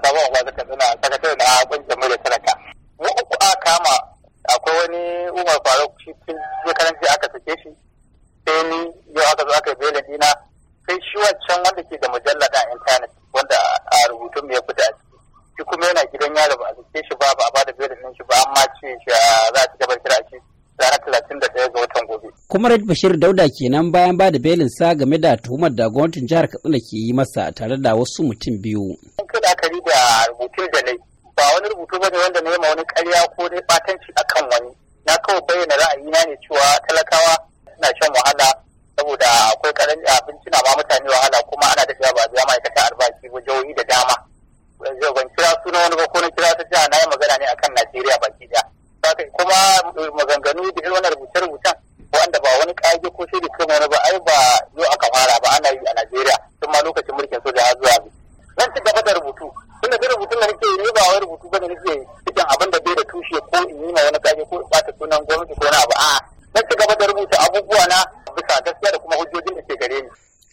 Kwamishina sabon Obaza Katsina sakatare na ƙungiyar mai da talaka. Na uku a kama akwai wani Umar Faruk shi tun shekaran aka sake shi sai ni yau aka zo aka yi belin dina sai shi wancan wanda ke da mujalla da intanet wanda a rubutun ya fita shi kuma yana gidan yaro ba a sake shi ba ba a bada belin din shi ba amma ce shi za a ci gaba kira shi ranar talatin da ɗaya ga watan gobe. Comrade Bashir Dauda kenan bayan ba da belin sa game da tuhumar da gwamnatin jihar Katsina ke yi masa tare da wasu mutum biyu. Kada aka da rubutun da nai ba wani rubutu bane wanda na ma wani karya ko dai batanci a kan wani na kawai bayyana ra'ayina ne cewa talakawa suna shan wahala saboda akwai karan abinci na ba mutane wahala kuma ana da ba zuwa ma'aikata albashi ba jihohi da dama ban kira suna wani ba ko na kira ta jiha na yi magana ne akan Najeriya baki ɗaya kuma eh, maganganu da irin wannan ne nake cikin abin da bai da tushe ko in yi ma wani kage ko in bata sunan gwamnati ko na abu a na ci gaba da rubuta abubuwa na bisa gaskiya da kuma hujjojin da ke gare ni.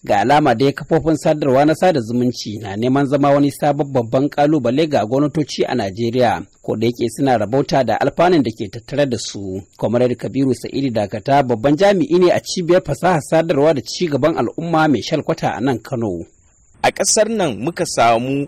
Ga alama dai kafofin sadarwa na sada zumunci na neman zama wani sabon babban kalubale ga gwamnatoci a Najeriya ko da yake suna rabauta da alfanun da ke tattare da su. Kwamarar Kabiru Sa'idi Dakata babban jami'i ne a cibiyar fasahar sadarwa da ci gaban al'umma mai shalkwata a nan Kano. a ƙasar nan muka samu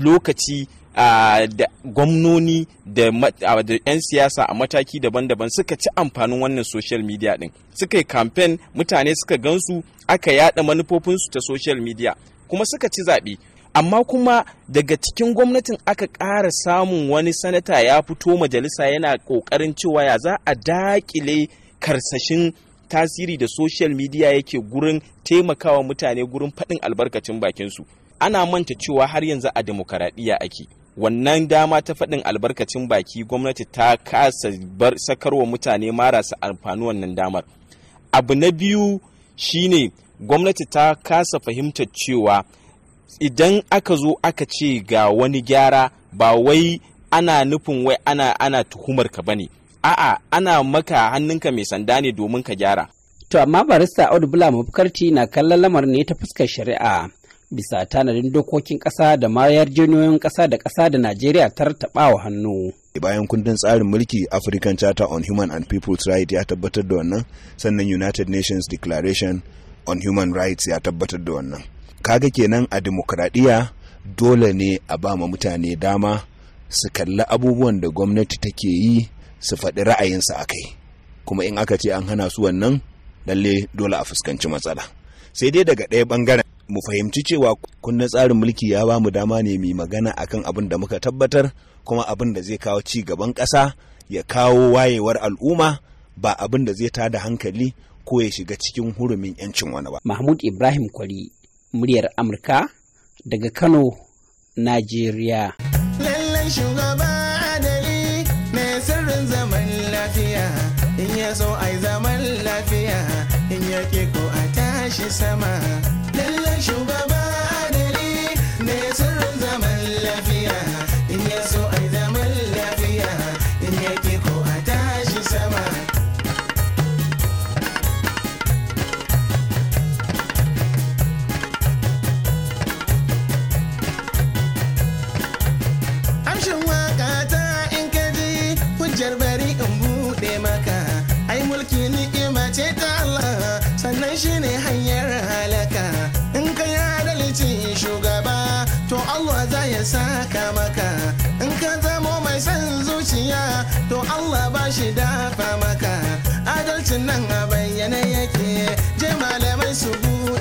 lokaci da gwamnoni da 'yan siyasa a mataki daban-daban suka ci amfanin wannan social media din suka yi kamfen mutane suka gansu aka yada manufofinsu ta social media kuma suka ci zaɓe amma kuma daga cikin gwamnatin aka ƙara samun wani sanata ya fito majalisa yana ƙoƙarin cewa ya za a daƙile karsashin tasiri da social media yake gurin taimakawa mutane gurin faɗin albarkacin bakinsu ana manta cewa har yanzu a demokaradiyya ake wannan dama ta faɗin albarkacin baki gwamnati ta kasa sakarwa mutane marasa amfani wannan damar abu na biyu shine gwamnati ta kasa fahimtar cewa idan aka zo aka ce ga wani gyara ba wai ana nufin wai ana ana tuhumar ka bane a'a ana maka hannunka mai sanda ne domin ka gyara to amma barista audu bula mafukarci na kallon lamarin ne ta fuskar shari'a bisa tanadin dokokin ƙasa da ma yarjejeniyoyin ƙasa da ƙasa da najeriya ta taɓawa hannu bayan kundin tsarin mulki african charter on human and people's rights ya tabbatar da wannan sannan united nations declaration on human rights ya tabbatar da wannan kaga kenan a demokradiyya dole ne a ba mutane dama su kalli abubuwan da gwamnati take yi su faɗi ra'ayinsa a kai kuma in aka ce an hana su wannan lalle dole a fuskanci matsala sai dai daga ɗaya ɓangaren mu fahimci cewa kundin tsarin mulki ya ba mu dama ne mu magana akan abin da muka tabbatar kuma abin da zai kawo ci gaban ƙasa ya kawo wayewar al'umma ba abin da zai tada hankali ko ya shiga cikin hurumin 'yancin wani ba. Mahmud Ibrahim Kwari, muryar Amurka daga Kano, Najeriya. Lallan shugaba So I. saka maka in ka zamo mai son zuciya to Allah ba shi dafa maka adalcin nan a bayyane yake je malamai su